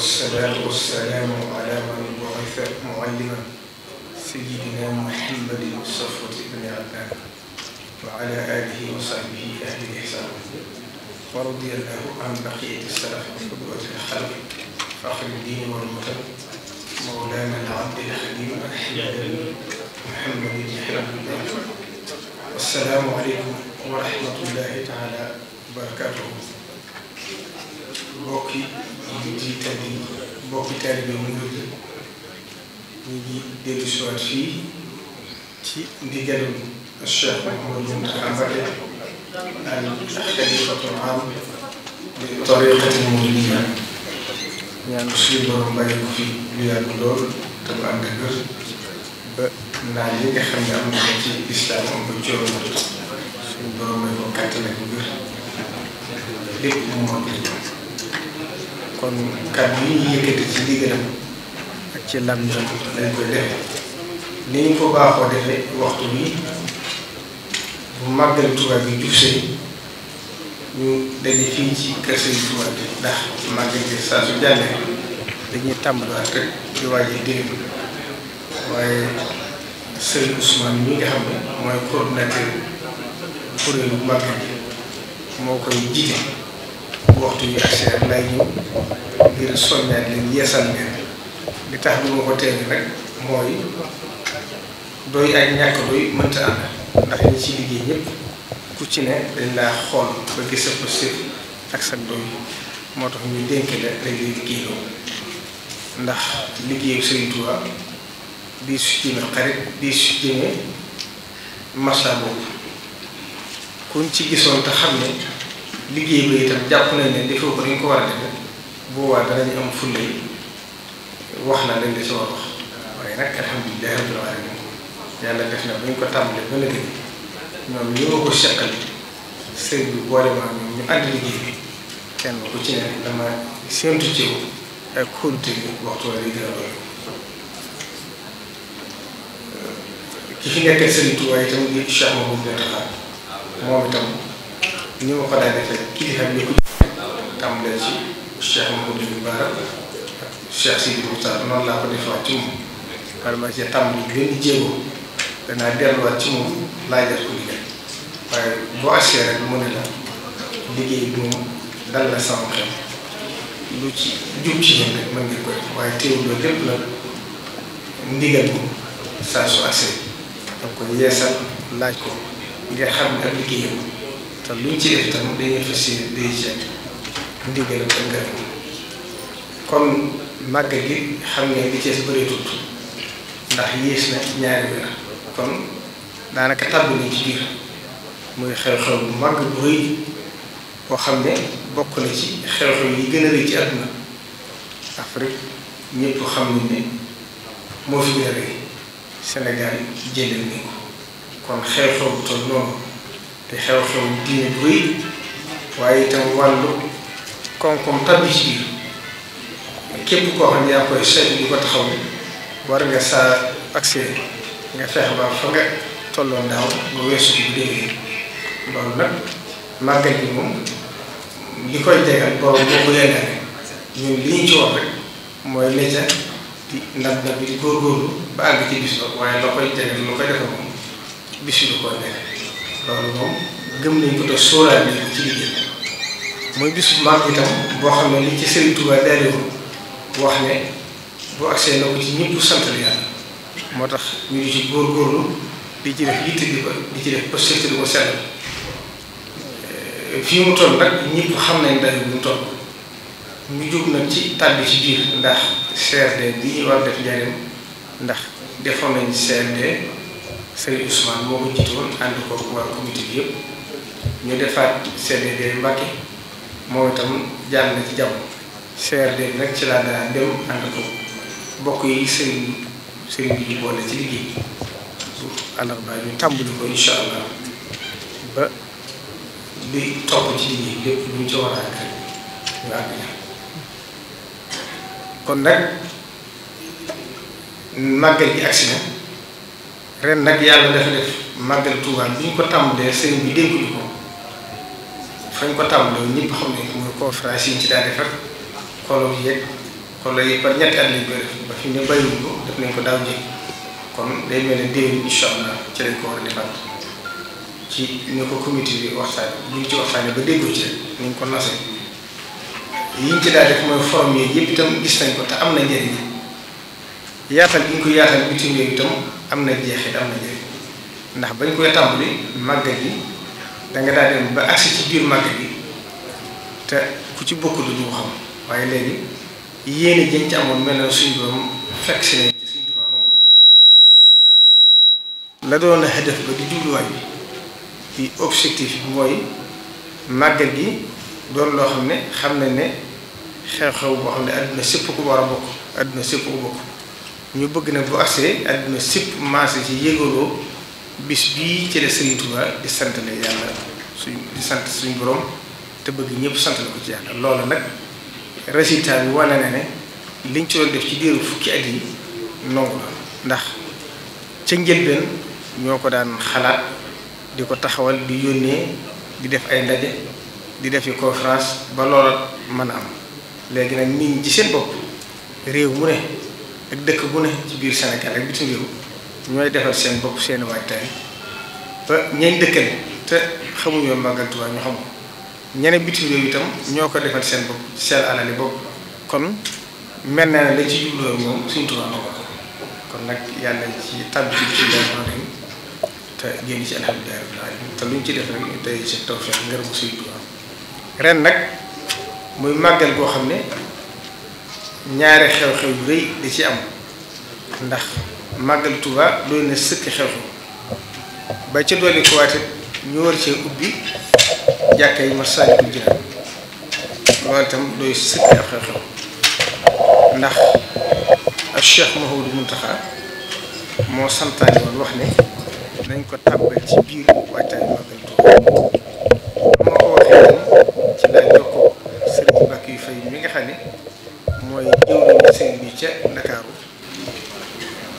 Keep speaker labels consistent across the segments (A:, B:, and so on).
A: والصلاة والسلام على من بعث معلما سيدنا محمد الصفوة بن عدنان وعلى آله وصحبه أهل الإحسان ورضي الله عن بقية السلف وقدوة الخلق فخر الدين والمتن مولانا العبد الحليم أحمد محمد بن السلام عليكم ورحمة الله تعالى وبركاته. mbokk yi njiit yi tedd yi bokki taalibe mu ngi ñu ngi dellu si ci ndigalu Cheikh Mouhamadou Mountakha Mbacké al xalifatul aam li tariiqatil muridiyya ñaan suñu ba naan yi xam ne am na ko ci islam am ko ci yoon suñu borom may ko kàttan ak lépp mu mot kon kàddu yi ñu yëkkati ci ndigalam ak ci làmmiñam lañ koy def ni ñu ko baaxoo defee waxtu bi bu màggal Tuuba bi jub see ñu daje fii ci kër Sëriñ Tuuba bi ndax màggal gi saa su jàllee dañuy tàmbaliwaat rek di waaje déglu waaye Sëriñ Ousmane mi nga xam ne mooy coordinateur kuréelu màggal gi moo koy jiite. bu waxtu bi ak seen lay ngir soññaat leen yeesal leen li tax bi moo ko teel rek mooy doy ak ñàkk doy mënta ànd ndax ñi ci liggéey ñëpp ku ci ne dañ laa xool ba gis sa posture ak sa doy moo tax ñu dénk la rek lay liggéeyoo ndax liggéeyu Sëriñ Tuubaa di su jëme xarit di su jëme masa boobu kuñ ci gisoon te xam ne liggéey bi itam jàpp nañ ne defoo ko dañ ko war a defee boobaa danañ am fulla yi wax na leen di si wax waaye nag alhamdulilah yàlla def na bu ñu ko tàmbalee ba léegi ñoo ko seqal sëñ bi ku ci ne dama séntu ci ak kóolute gi moom itam. ni ma ko daan defee kilifa bi ko tàmbalee ci Cheikh Bara ak Cheikh Sidi Moussa noonu laa ko defewaat ci moom wala ma ci tàmbali benn jéego danaa delluwaat ci moom laajal ko liggéey waaye boo assuré rek mu ne la liggéey bi moom dal na sama lu ci jub ci ñun rek mën nga koy waaye teewul loolu lépp la ndigal moom saa su accès donc yeesal laaj ko ngir xam ne ak liggéeyam te luñ ci def tam dañuy fas yéene day jënd ndigal ak ngërëm comme màgg gi xam ne li ci bëree tudd ndax yées na ñaari weer kon daanaka tàbbi nañ ci biir muy xew-xew bu màgg bu boo xam ne bokk na ci xew-xew yi gën a rëy ci àdduna Afrique ñëpp xam ne moo fi gën a rëy Sénégal jëlee nañ ko kon xew-xew bu toll noonu. te xew-xew diine bu waaye itam wàllu koom-koom tabbi képp koo yaa koy seet ko taxaw war nga saa accès nga fexe ba fa nga tolloon daaw nga weesu bu déwénee loolu nag màggal bi moom li koy jegal boobu boo ko yëngalee ñun li ñu ci wax rek mooy léegi di ndam ndam bi di góorgóorlu ba àgg ci bis ba waaye loo koy jegal loo koy defal moom bis bi du loolu moom gëm nañ ko te sóoraal bi ci liggéey muy bis bu mag itam boo xam ne li ci Serigne Touba daal wax ne boo agsee na ko ci ñëpp sant la yàlla moo tax ñu ngi ci góorgóorlu di ci def di ci def posté di ko sell eh, mu toll nag xam nañ dayu bu mu toll ñu ci tàbbi ci biir ndax CRD bi ñuy war def njariñ ndax defoon nañ CRD. Serigne Ousmane moo ko jiite woon ànd ko waa comité bi yëpp ñu defaat CDD Mbacke moom itam jàll na ci jàmm CRD bi nag ci laa daan dem ànd ko bokk yi Serigne Serigne bi ñu boole ci liggéey bi àllarba ñu tàmbali ko incha allah ba li topp ci liggéey bi lépp ci war a àgg ñu àgg kon nag màggal gi agsi na ren nag yàlla dafa def màggal Tuubaa bi ñu ko tàmbalee sëriñ bi dénk ñu ko fañ ko tàmbalee ñëpp xam ne yi ñu ci daal defar kolo yeeg kolo yi par ñetti at lañ koy def ba ñu ko def nañ ko daaw jéeg kon day mel ne déwén incha allah ci lañ ko war a defaat ñu ko comité bi waxtaan ba déggoo ci ni ñu ko nasee yi ñu ci daal def mooy forme yëpp itam gis nañ ko te am na njëriñ yaatal bi ñu ko ñu bitim réew itam. am na jeexit am na njëriñ ndax bañ koy tàmbali màggal gi da nga daal dem ba agsi ci biir màggal gi te ku ci bokkul du ko xam waaye léegi yéene jën ci amoon mel na suñu borom fekk si nañ ci suñu Tuubaa nangu ndax la doon xëdëf ba di jubluwaay bi di gi doon loo xam ne xam nañ ne xew-xew boo xam ne àdduna sëpp ko war a bokk àdduna sépp ko bokk ñu bëgg nag bu agsee àdduna sipp marché ci yégaloo bis bii ci la Serigne Touba di sant la yàlla suñ di sant suñ boroom te bëgg ñëpp sant la ko ci yàlla loola nag résultat bi wane na ne liñ ci def ci diiru fukki at yi nongu la ndax ca njëlbeen ñoo ko daan xalaat di ko taxawal di yónnee di def ay ndaje di def conférence ba loola mën a am léegi nag nit ñi ci seen bopp réew mu ne ak dëkk bu ne ci biir Sénégal ak bitim réew ñooy defal seen bopp seeni waajtaay ba ñeen dëkkal te xamuñoo màggal Tuubaa ñu xam ñeneen bitim réew itam ñoo ko defal seen bopp seen alali bopp kon mel na ne la ci jubloo moom suñu Tuubaa kon nag yàlla ci tàbbi ci bitim réew moo dem te génn ci alhamdulilah rabbil alamin te luñ ci def rek day ci tawfeex ngërëmu suñu ren nag muy màggal goo xam ne ñaari xew-xew yu rëy di ci am ndax màggal Tuuba doy na sëkk xew-xew ba ca dolli ko waate ñu war cee ubbi jàkka yi Masaalikul Jinaan loolu itam doy sëkk ab xew-xew ndax ak Cheikh Mouhamadou Mountakha moo santaane woon wax ne nañ ko tàmbali ci biir waajtaay màggal moo ko waxee ci laa jokkoo sëriñ Mbàkke yu fay mi nga xam ne mooy jëwriñu sëriñ bi ca Ndakaaru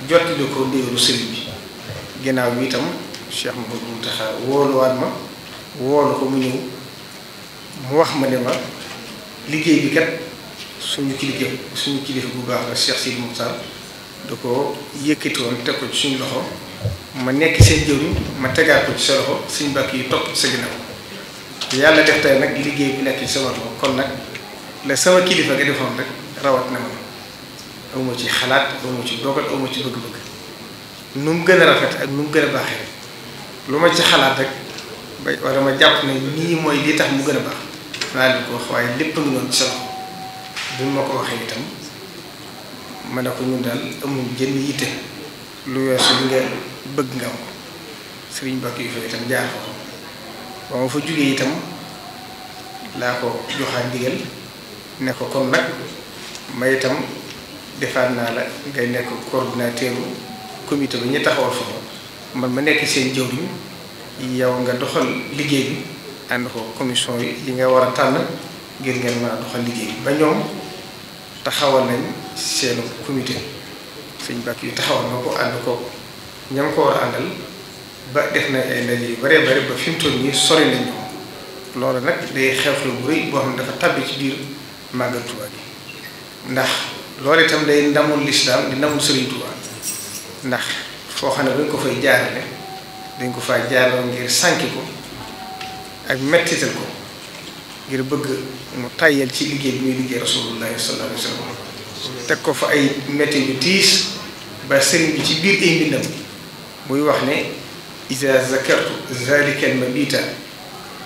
A: jottali ko déeru sëriñ bi ginnaaw bi itam Cheikh Mouhamadou Mountakha wooluwaat ma woolu ko mu ñëw mu wax ma ne ma liggéey bi kat suñu kilifa suñu kilifa bu baax la si Sidi Moukhtar da ko yëkkati woon teg ko ci suñu loxo ma nekk seen jëwriñ ma tegaat ko ci sa loxo suñu bàkk yi topp sa ginnaaw yàlla def tey nag liggéey bi nekk ci sama loxo kon nag la sama kilifa nga defoon rek rawat na man awma ci xalaat awma ci dogal awma ci bëgg-bëgg nu mu gën a rafet ak nu mu gën a baaxee lu ma ci xalaat rek ba wala ma jàpp ne nii mooy li tax mu gën a baax naa leen ko wax waaye lépp lu doon ci solo bi ma ko waxee ma ne ko ñun daal amul jënd yitte lu weesu nga bëgg nga ko sëriñ Bakk yu fa itam jaar ko ba ma fa jugee itam laa ko joxaat ndigal ne ko kon nag. ma itam defaat naa la ngay nekk coordinateur comité bi ñu taxawal foofu man ma nekk seen jëwriñ yow nga doxal liggéey bi ànd ko commission yi yi nga war a tànn ngir ngeen mën a doxal liggéey bi ba ñoom taxawal nañ seen comité suñ bàkk yi taxawal na ko ànd ko ña ko war àndal ba def na ay ndaje yu bare bare ba fi mu toll nii sori nañ ko loolu nag day xew-xew bu rëy boo xam ne dafa tàbbi ci biir màggal ndax loolu itam day ndamul lislaam di ndamul Sëriñ Tuubaa ndax foo xam ne buñ ko fay jaarale dañ ko faa jaarloo ngir sànki ko ak mettital ko ngir bëgg mu tàyyal ci liggéey bi muy liggéey rasulullahi sallallahu alayhi teg ko fa ay metti yu tiis ba sëriñ bi ci biir ay mbindam muy wax ne iza zakartu zalika al mabita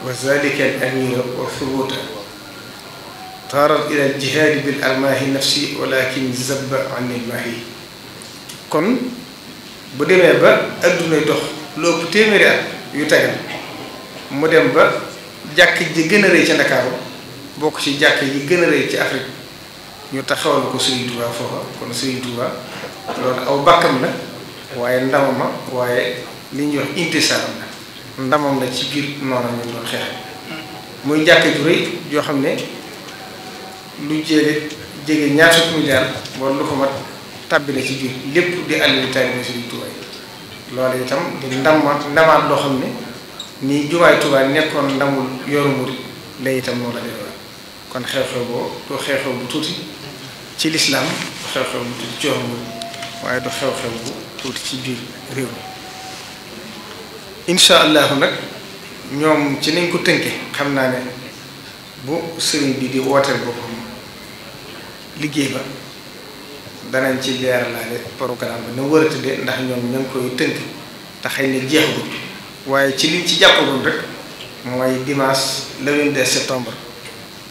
A: wa zalika al amina wa thubuta taaral ila jihaadi bil almaahi nafsi walakin zabba anil maahi kon bu demee ba addunay dox lu ëpp téeméeri at yu tegal mu dem ba jàkk ji gën a rëy ci Ndakaaru bokk ci jàkk yi gën a rëy ci Afrique ñu taxawal ko Sëriñ Tuubaa foofa kon Sëriñ loolu aw bàkkam la waaye ndamam la waaye li ñuy wax intisaaram la ndamam la ci biir noonu ñu doon xeex muy jàkk ju rëy joo xam ne lu jéege jege ñaar fukki milliards wala lu ko mat tabbi na ci biir lépp di àll bi taalibe Sëriñ Tuubaa loolu itam di ndamaat ndamaat loo xam ne ni jumaay Tuubaa nekkoon ndamul yoru murit la itam noonu la demee kon xew-xew boo du xew-xew bu tuuti ci lislaam du xew-xew bu tuuti ci biir réew mi incha allahu nag ñoom ci nañ ko tënke xam naa ne bu sëriñ bi di wooteel boppam. liggéey ba danañ ci leeralaale programme bi na war a tëddee ndax ñoom ña koy tënk te xëy na jeexagul waaye ci liñ ci jàppagul rek mooy dimanche le de septembre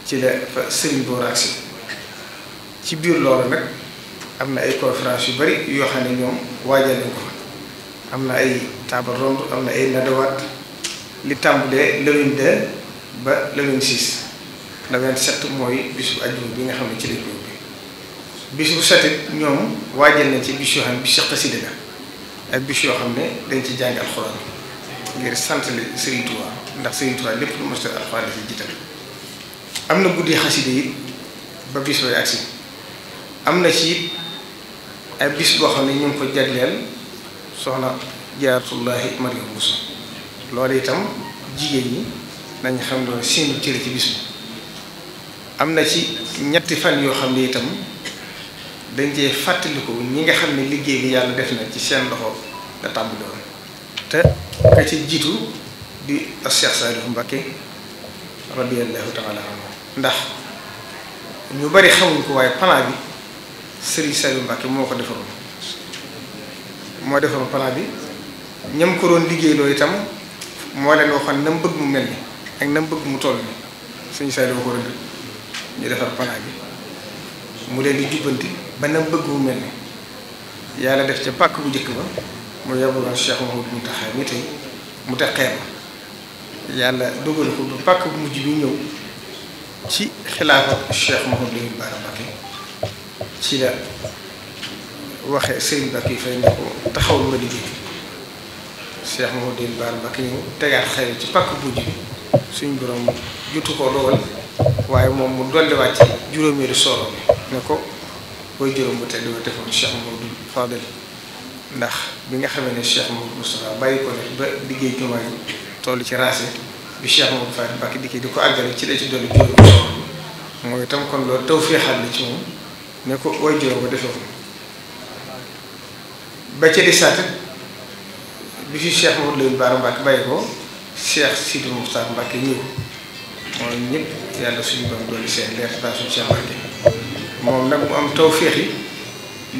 A: ci la fa Serigne Boor agsi ci biir loolu nag am na ay conférence yu bari yoo xam ne ñoom waajal nañ ko am na ay table ronde am na ay nadawaat li tàmbalee le 22 ba le 26 le 27 mooy bisu ajjuma bi nga xam ne ci lañ ko bis bu setit ñoom waajal nañ ci bis yoo xam ne bis xasida ak bis yoo xam ne dañ ci jàng alxuraan ngir sant la Serigne Touba ndax Serigne Touba lépp lu mos a alxuraan la ci jiital am na guddi xasida yi ba am na ci ay bis boo xam ne ñu ko jagleel soxna jaaratullahi Mariam Bousso loolu itam jigéen ñi nañ xam ne seenu cër ci bis bi am na ci ñetti fan yoo xam ne itam dañ cee fàttaliku ñi nga xam ne liggéey bi yàlla def na ci seen loxo nga tàmbali woon te ka ci jiitu di Cheikh Saliou Mbacké radiyallahu taala anhu ndax ñu bari xamuñ ko waaye plan bi Serigne Saliou Mbacké moo ko defaroon moo defaroon plan bi ñam ko doon liggéey loo itam moo leen waxoon na mu mu mel ni ak na mu mu toll ni Serigne Saliou ko ñu defar plan bi mu leen di jubbanti ba bëgg mu mel ne yàlla def ca pàkk bu njëkk ba mu yebaloon Cheikh Mouhamadou Mountakha mi tey mu mujj bi ñëw ci xilaafa Cheikh Mouhamadou Bara Mbacké ci la waxee Serigne Mbacké fay ne ko taxawul ma liggéey Cheikh Mouhamadou Bara ci pàkk bu mujj bi moom mu dolliwaat ci juróomeelu bi ne ko. way juróom bu tedd ba defoon Cheikh Mamadou Fadel ndax bi nga xamee ne Cheikh Mamadou Moustapha bàyyi ko ne ba liggéey jumaa yi toll ci raase bi Cheikh Mamadou Fadel Mbacké dikkee di ko àggale ci la ci dolli juróom mooy itam kon loolu taw féexal na ci moom ne ko way juróom ba defee ba ca di saat bàyyi ko Cheikh Sidi Moustapha Mbacké ñëw mooy ñëpp yàlla suñu doom dooli seen leer taa suñu Cheikh Mbacké moom nag mu am tawféex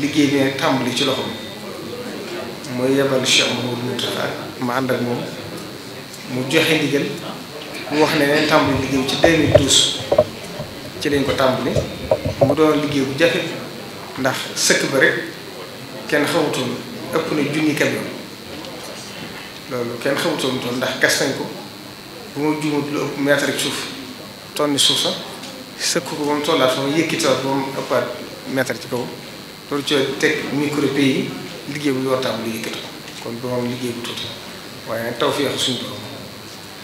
A: liggéey bi ne tàmbali ci loxoom mooy yebal Cheikh Mouhamadou Moustapha ma ànd ak moom mu joxe ndigal mu wax ne neen tàmbali liggéey ci 2012 ci lañ ko tàmbali mu doon liggéey bu jafe ndax sëkk ba rek kenn xamutoon ëpp na junni camion loolu kenn xamutoon toon ndax gas nañ ko bu ma juumut lu ëpp mètre ak suuf tonni suuf sax sëkk ko ba mu tollaat fa mu yëkkitoor ba ëppaat mètre ci kaw loolu cooy teg micro yi liggéey bu yor taamu yëkkati ko kon ba moom liggéey bu tuuti waaye taw fi wax suñu borom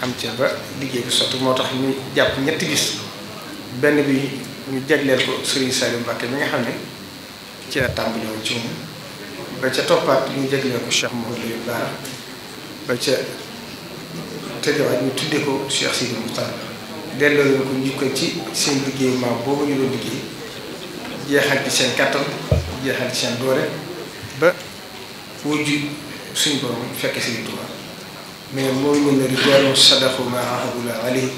A: am ca ba liggéey bi sotti moo tax ñu jàpp ñetti bis benn bi ñu jagleel ko Serigne Saliou Mbacké mi nga xam ne ci la tàmbali woon ci moom ba ca toppaat ñu jagleel ko Cheikh Mouhamadou Bara ba ca tëjewaat ñu tuddee ko Cheikh Sidi Moustapha delloo leen ko njukkal ci seen liggéey boobu ñu doon liggéey jeexal ci seen kattan jeexal ci seen doore ba wujj suñ borom fekk Sëriñ Tuubaa mais mooy mën na rijaalun sadaqu maa ahadullah alayhi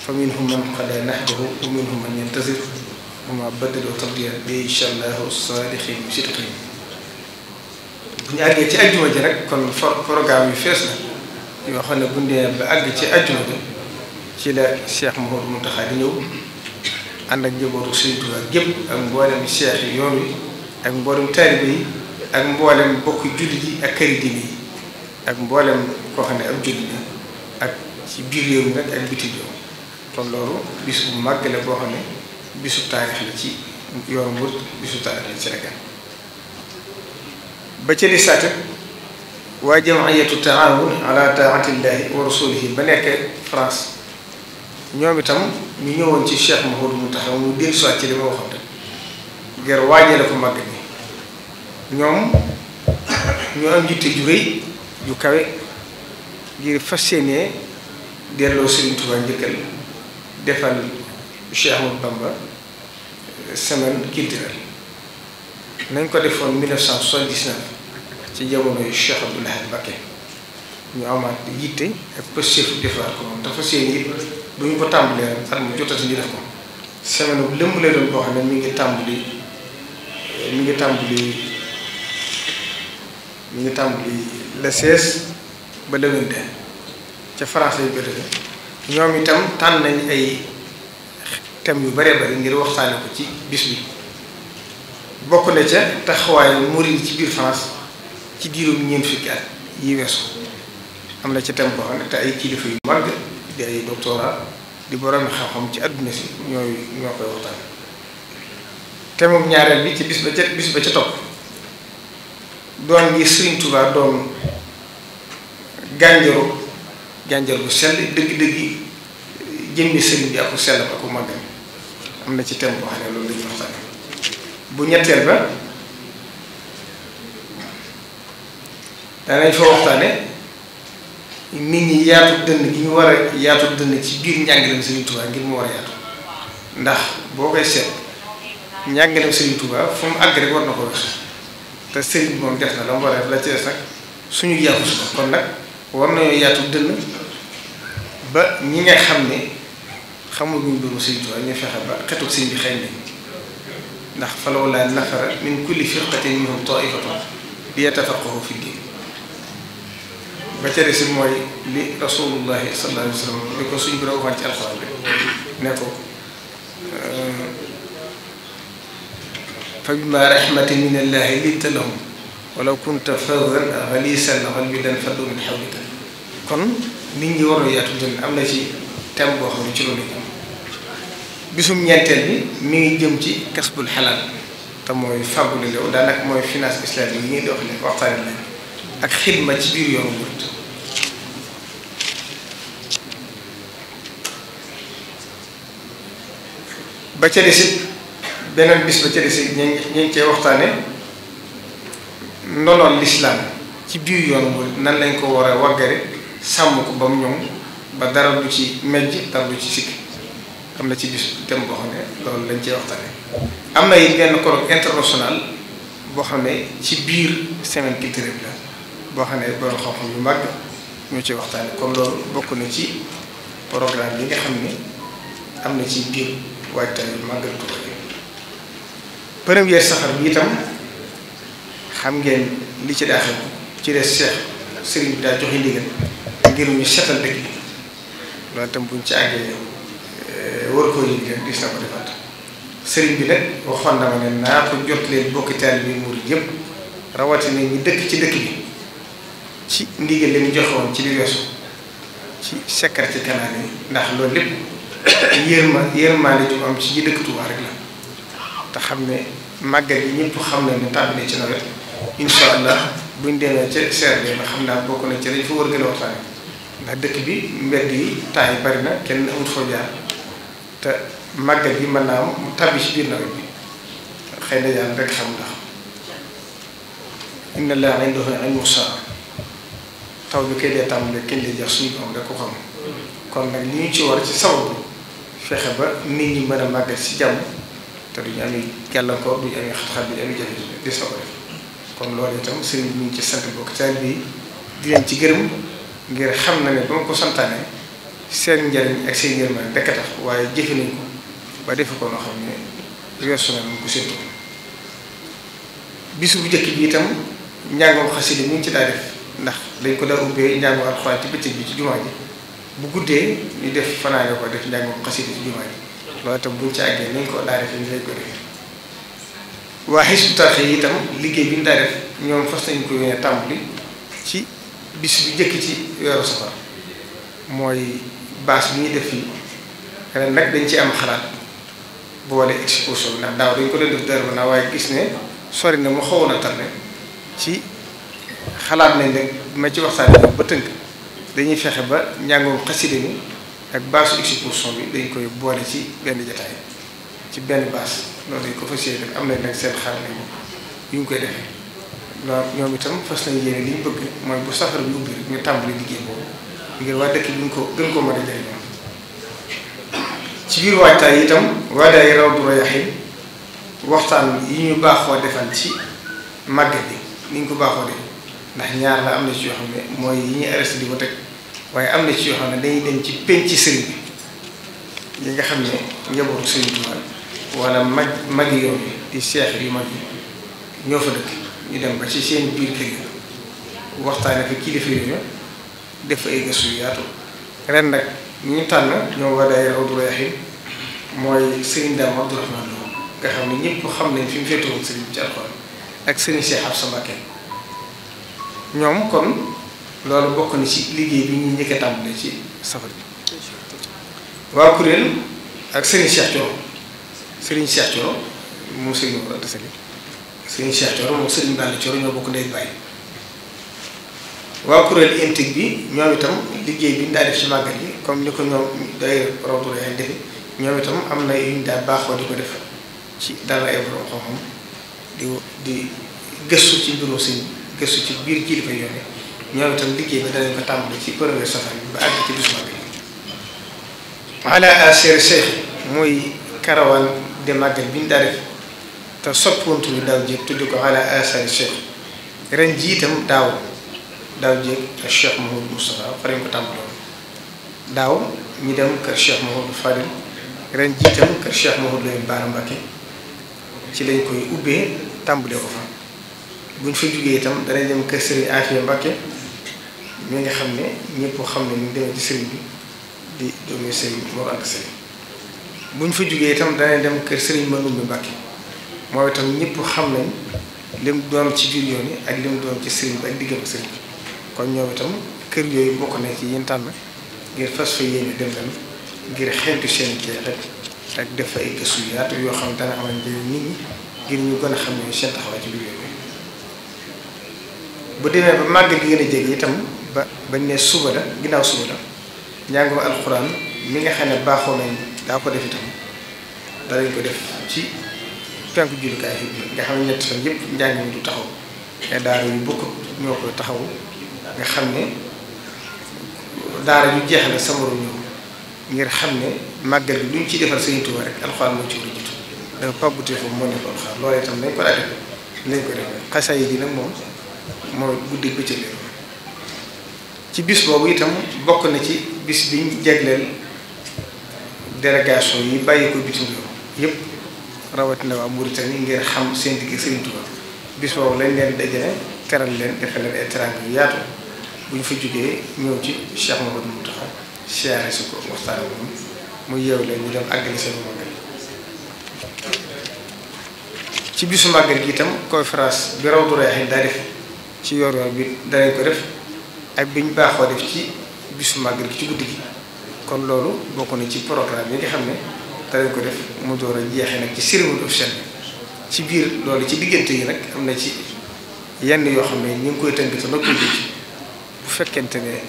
A: fa minhum man qadaa nahbahu wa minhum man yantazir wa maa baddalu tabdiila insha allahu saadiqiin sidqiin bu ñu ci ajjuma ji rek kon programme yu fees la yoo xam ne bu ñu àgg ci ajjuma ji ci la Cheikh Mouhamadou Mountakha di ñëw ànd ak njabootu Serigne Touba gépp ak mboolem cheikh yi yoon wi ak mboolem taalibe yi ak mboolem bokk jullit yi ak këri diine yi ak mboolem koo xam ne ab jullit la ak ci biir réew nag ak bitim réew kon loolu bis bu màgg la boo xam ne bisu taarix la ci yoonu Murid bisu taarix la ci Sénégal ba ca li waa jamaayatu taawun ala taatillahi wa ba nekk France ñoom itam ñu ñëwoon ci Cheikh Mouhamadou Mountakha mu dellu si waat ci li ma waxoon rek ngir waajale ko màgg bi ñoom ñoo am yitte ju rëy ju kawe ngir fas yéenee delloo Serigne Touba njëkkal defal Cheikh Ahmadou Bamba euh, semaine culturelle nañ ko defoon 1979 ci jamonoy Cheikh Abdoul Ahad Mbacké ñu amaat yitte ak pëstéefu defaat ko moom te fas yéenee bu ñu ko tàmbalee ren at mu jotati ñu def ko semaine bu lëmb lay boo xam ne mu ngi tàmbali mi ngi tàmbali mi ngi tàmbali le 16 ba déwén de ca français yu bëri ñoom itam tànn nañ ay thèmes yu bëree bëri ngir waxtaane ko ci bis bi bokk na ca taxawaayu murid ci biir France ci diirum ñeent fukki at yi weesu am na ca thème boo xam ne te ay kilifa yu mag di ay doctorat di xam-xam ci àdduna si ñooy ñoo koy waxtaan te ñaareel bi ci bis ba ca bis ba ci topp doon gi Sëriñ Tuubaa doon gànjaru gànjar bu sell dëgg-dëgg jëmmi sëriñ bi ak sell ak ku am na ci thème boo xam ne loolu lañuy waxtaan bu ñetteel ba danañ fa waxtaane nit ñi yaatu dënn gi ñu war a yaatu dënn ci biir njàngaleem Serigne Touba ngir mu war a yaatu ndax boo koy seet njàngaleem Serigne Touba fu mu àgg rek war na ko wér te Serigne bi moom def na la mu war a def la ci des nag suñu yaatu su kon nag war nañoo yaatu dënn ba ñi nga xam ne xamul ñu doomu Serigne Touba ñu fexe ba xetuk sëñ bi xëy na ndax falawlaa nafara min kulli firqatin minhum taifatun liyatafaqqahu fi diin ba ca des mooy li rasulullahi sallallahu alayhi wa sallam li ko suñ borom waxaat ci alxuraan bi ne ko fa bima rahmatin min allahi linta lahum walaw kunta fazzan ghalisa al-qalbi lanfaddu min hawlika kon nit ñi war na yaatu jëm am na ci thème boo xam ne ci loolu lañ bisum ñeenteel bi mi ngi jëm ci kasbul xalaal te mooy fàggule lew daanaka mooy finance islamique yi ñuy dox ne waxtaane lañ ak xidma ci biir yoonu murit ba ca beneen bis ba ca desit ñu ngi ñu ngi cee waxtaane ndonoon lislaam ci biir yoonu murit nan lañ ko war a waggare sàmm ko ba mu ñoom ba dara du ci mejj dara du ci sikk am na ci bis thème boo xam ne loolu lañ cee waxtaane am na yi benn colloque international boo xam ne ci biir semaine culturelle la boo xam ne borom xam-xam yu màgg ñoo ci waxtaanee comme loolu bokk na ci programme bi nga xam ne am na ci biir waajtaay yu màggal Tuuba bi première xam ngeen li ci daaxew ci des seex sëriñ bi daa joxe ngir ñu setal dëkk bi loolu itam buñ ci àggee euh, war koo yëg leen gis na ko defaat sëriñ bi nag waxoon na ma ne naa ko jot leen bokki taalibe bi murid yëpp rawatina ñi dëkk ci dëkk bi ci ndigal li mu joxoon ci li weesu ci sécurité canal yi ndax loolu lépp yërma yërmaande ju am ci yi dëkk Touba rek la te xam ne màggal yi ñëpp xam ne ne tàmbali ci nawet buñ demee ca CRD nga xam naa bokk na ci dañ fa war gën a waxtaane ndax dëkk bi mbedd yi temps yi bari na kenn amut foo jaar te màggal yi mën naa am mu tàbbi ci biir nawet bi xëy na yàlla rek xam ndax inna laa indahu ilmu saa taw bi kay dee tàmbale kenn dee jox suñu borom rek ko xam kon nag li ñu ci war ci saw bi fexe ba nit ñi mën a màggal si jàmm te duñu amee gàllankoor duñu amee xat-xat bi amee jafe di saw rek kon loolu itam sëriñ bi ñu ci sant bokk taal bi di leen ci gërëm ngir xam na ne ba ma ko santaane seen njariñ ak seen yërmande rekk a tax waaye jëfe nañ ko ba defe ko noo xam ne weesu na mu ko séntu bisu bu njëkk bi itam njàngam xasida mu ngi ci daa def ndax dañ ko daa ubbee njàngu alxuraan ci bëccëg bi ci jumaa ji bu guddee ñu def fanaane ko def njàngu xasida ci jumaa ji loolu itam buñ ci àggee nañ ko daa def ñu liggéey bi ñu daa def ñoom fas nañ ko yéene tàmbali ci bis bi jëkk ci weeru safar mooy baas bi ñuy def fii ren nag dañ ci am xalaat boole exposition bi ndax daaw dañ ko doon def dër naa waaye gis ne sori na mu xawoon a tardé ci xalaat na rek ma ci waxtaanee ba tënk dañuy fexe ba njàngoom xaside mi ak baasu exposition bi dañ koy boole ci benn jataay ci benn baas loolu dañ ko fas yéene def seen xar nañu yu koy defee ñoom itam fas nañ li ñu bëgg mooy bu safara bi ñu tàmbali liggéey boobu ngir waa dëkk bi ñu ko gën koo ma a jëriñoo ci biir waajtaay itam waa day raw du rayaxin waxtaan yi ñu baaxoo defal ci màgg bi ni ñu ko baaxoo def ndax ñaar la am na ci yoo xam ne mooy yi ñuy arrêté di ko teg waaye am na ci yoo xam ne dañuy dem ci penc sëriñ bi nga xam ne njabootu sëriñ bi mag mag yu mag ñoo fa dëkk ñu dem ba ci seen biir kër yi waxtaane fa kilifa yooyu def ay gëstu yu yaatu ren nag ñu tànn ñoo war ay Rawdu Rayaahiin mooy sëriñ Daam Abdu Rahmaan nga xam ne ñëpp xam ne fi mu féetewoon sëriñ bi ci alxuraan ak sëriñ Cheikh Absa Mbacké ñoom kon loolu bokk na ci liggéey bi ñuy njëkk a ci safar waa kuréel ak Serigne Cheikh Thioro Serigne Cheikh Thioro moom Serigne Mor Anta Sali Serigne ñoo bokk ndey bàyyi waa kuréel intig bi ñoom itam liggéey bi ñu daa def ci màggal yi comme ni ko ñoom day rawtu ay defe ñoom itam am na yu ñu daa baaxoo di ko def ci dara ay borom xam di di gëstu ci mbiru sëñ gëstu ci biir kilifa yoone ñoom itam liggéey bi danañ ko tàmbali ci premier safar bi ba àgg ci bisu mag bi ala daaw ñi dem kër cheikh Mouhamadou Fadil ren jii itam kër cheikh Mouhamadou Lamine Bara ci lañ koy ubbee tàmbalee ko fa buñ fa jugee itam danay dem kër Serigne Afia Mbacke mi nga xam ne ñëpp xam ne ñu demee ci Serigne bi di doomi Serigne Mor Anta buñ fa jugee itam danañ dem kër Serigne Manoumbe Mbacke mooy itam ñëpp xam nañ lim doon ci biir yi ak lim doon ci Serigne bi ak diggam Serigne bi kon ñoom itam kër yooyu bokk na ci yéen tànn ngir fas fa yéene dem leen ngir xentu seen jeexit ak def ay gëstu yaatu yoo xam ne dana amal nit ñi ngir ñu gën a xam ne seen taxawaay ci biir yoon bu demee ba màggal gi gën a jege itam ba bañ ne suba la ginnaaw suba la njàngum alxuraan mi nga xam ne baaxoo nañ daa ko def itam danañ ko def ci penku jullukaay nga xam ne ñetti fan yëpp njàng mi du taxaw te daara yu bokk ñoo koy taxaw xam ne daara yu jeexale sa morom ñëw ngir xam ne màggal gi lu ñu ci defal Sëriñ Tuubaa rek alxuraan moo ci war a jiitu dafa pàggutee foofu moo nekk alxuraan loolee itam nañ ko daa def ko def xasaay yi nag moom mooy guddi bëccëg ci bis boobu itam bokk na ci bis biñ jagleel délégation yi bàyyi ko bitim réew yëpp rawatina waa Mauritanie ngir xam seen digg Serigne Touba bis boobu lañ leen dajale teral leen defal leen ay yu yaatu bu ñu fi jógee ñëw ci Cheikh Mamadou Mountakha siyaare si ko waxtaan moom mu yeew leen ñu dem àggali seen màggal ci bisu màggal gi itam conférence bi raw du reex yi daa def ci yoor yoor bi danañ ko def ak bi ñu baaxoo def ci bisu màggal gi ci guddi gi kon loolu bokk na ci programme bi nga xam ne danañ ko def mu door a jeexee nag ci cérémonie officielle bi ci biir loolu ci diggante yi rek am na ci yenn yoo xam ne ñu ngi koy tënk te noppi bu fekkente ne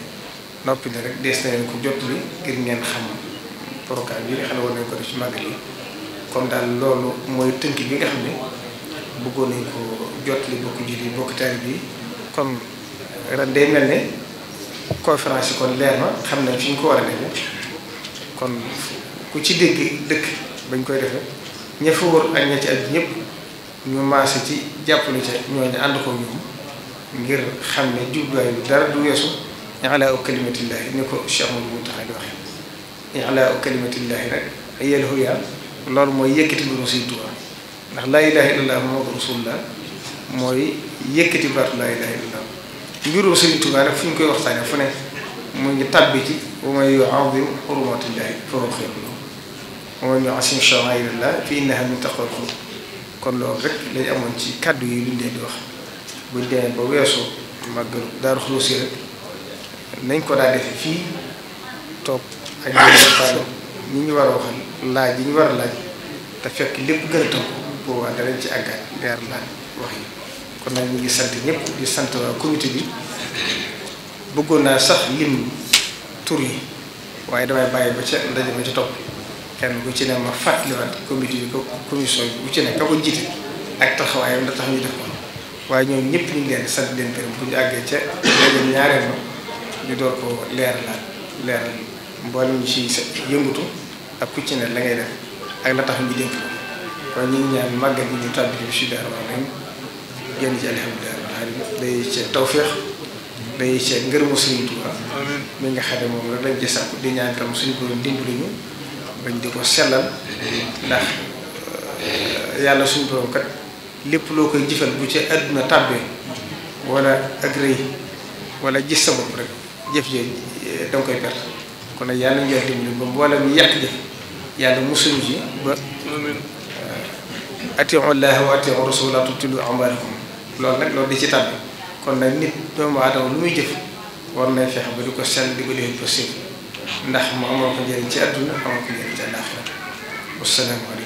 A: noppi na rek des na ko jot li ngir ngeen xam programme bi nga xam ne war nañ ko def ci màggal yi kon daal loolu mooy tënk bi nga xam ne bëggoon nañ ko jot li bokk julli bokk taalibe bi kon ren day mel ne conférence yi kon leer na xam nañ fi ñu ko war a defee kon ku ci dégg dëkk bañ koy defee ña fa wër ak ña ci ak ñëpp ñu maase ci jàppale ca ñooñu ànd ko ñoom ngir xam ne jubluwaay bi dara du weesu i'laa kalimatillahi ni ko Cheikh Mouhamadou Mountakha di waxee i'laa kalimatillahi nag yel huyaa loolu mooy yëkkati mbirum Sëriñ Tuubaa ndax laa ilaaha illallaah Muhammadu rasuulullaah mooy yëkkati baatu laa ilaaha illallaah mbirum Sëriñ Tuubaa rek fu ñu koy waxtaanee fu ne mu ngi tàbbi ci wa man yu'azzim hurumaatillaahi fa huwa xayrun lahu wa man yu'azzim sha'aairallaahi fa innahaa min taqwal quluub kon loolu rek lañ amoon ci kàddu yi luñ leen di wax buñ demee ba weesu màggal Daaru Xudoos rek nañ ko daa defe fii toog ak ñi ñu war a waxal laaj yi ñu war a laaj te fekk lépp gën a tënk boobaa danañ ci àggaat leer laaj wax yi kon nag ñu ngi sant ñëpp di sant waa comité bi bëggoon naa sax lim tur yi waaye damay bàyyi ba ca ndaje ba ca topp kenn bu ci ne ma fàttaliwaat comité bi ko bi bu ci ne ka ko ak taxawaayam la tax ñu def ko waaye ñoom ñëpp ñu ngi leen sant leen gërëm bu ñu àggee ca ñaareel ma ñu door ko leer la leer mboolem ñu ci yëngutu ak ku ci ne la ngay def ak la tax ñu dénk ko kon ñu ngi ñaan ñu tàbbi bi si dara génn ci alhamdulilah rabbil alamin day ci tawféex mi nga xam ne moom la dañ ci sàkku di ñaan tam suñu borom dimbali ñu bañ di ko sellal ndax euh, yàlla suñu borom kat lépp loo koy jëfal bu ci àdduna tàbbee wala ak rëy wala ji sa bopp rek jëf jooju euh, danga koy perte kon nag yàlla ñu dimbali ba mboolem yàq jëf yàlla musuñu ji ba euh, atiiu llaah wa atiiu rasuula tubtilu amalakum loolu nag loolu di ci tàbbi kon nag nit doomu aadama lu muy jëf war nay fexe ba di ko sell di ko defee possible ndax mu amoo ko njëriñ ci àdduna amoo ko njëriñ ci àllaaxira wassalaamu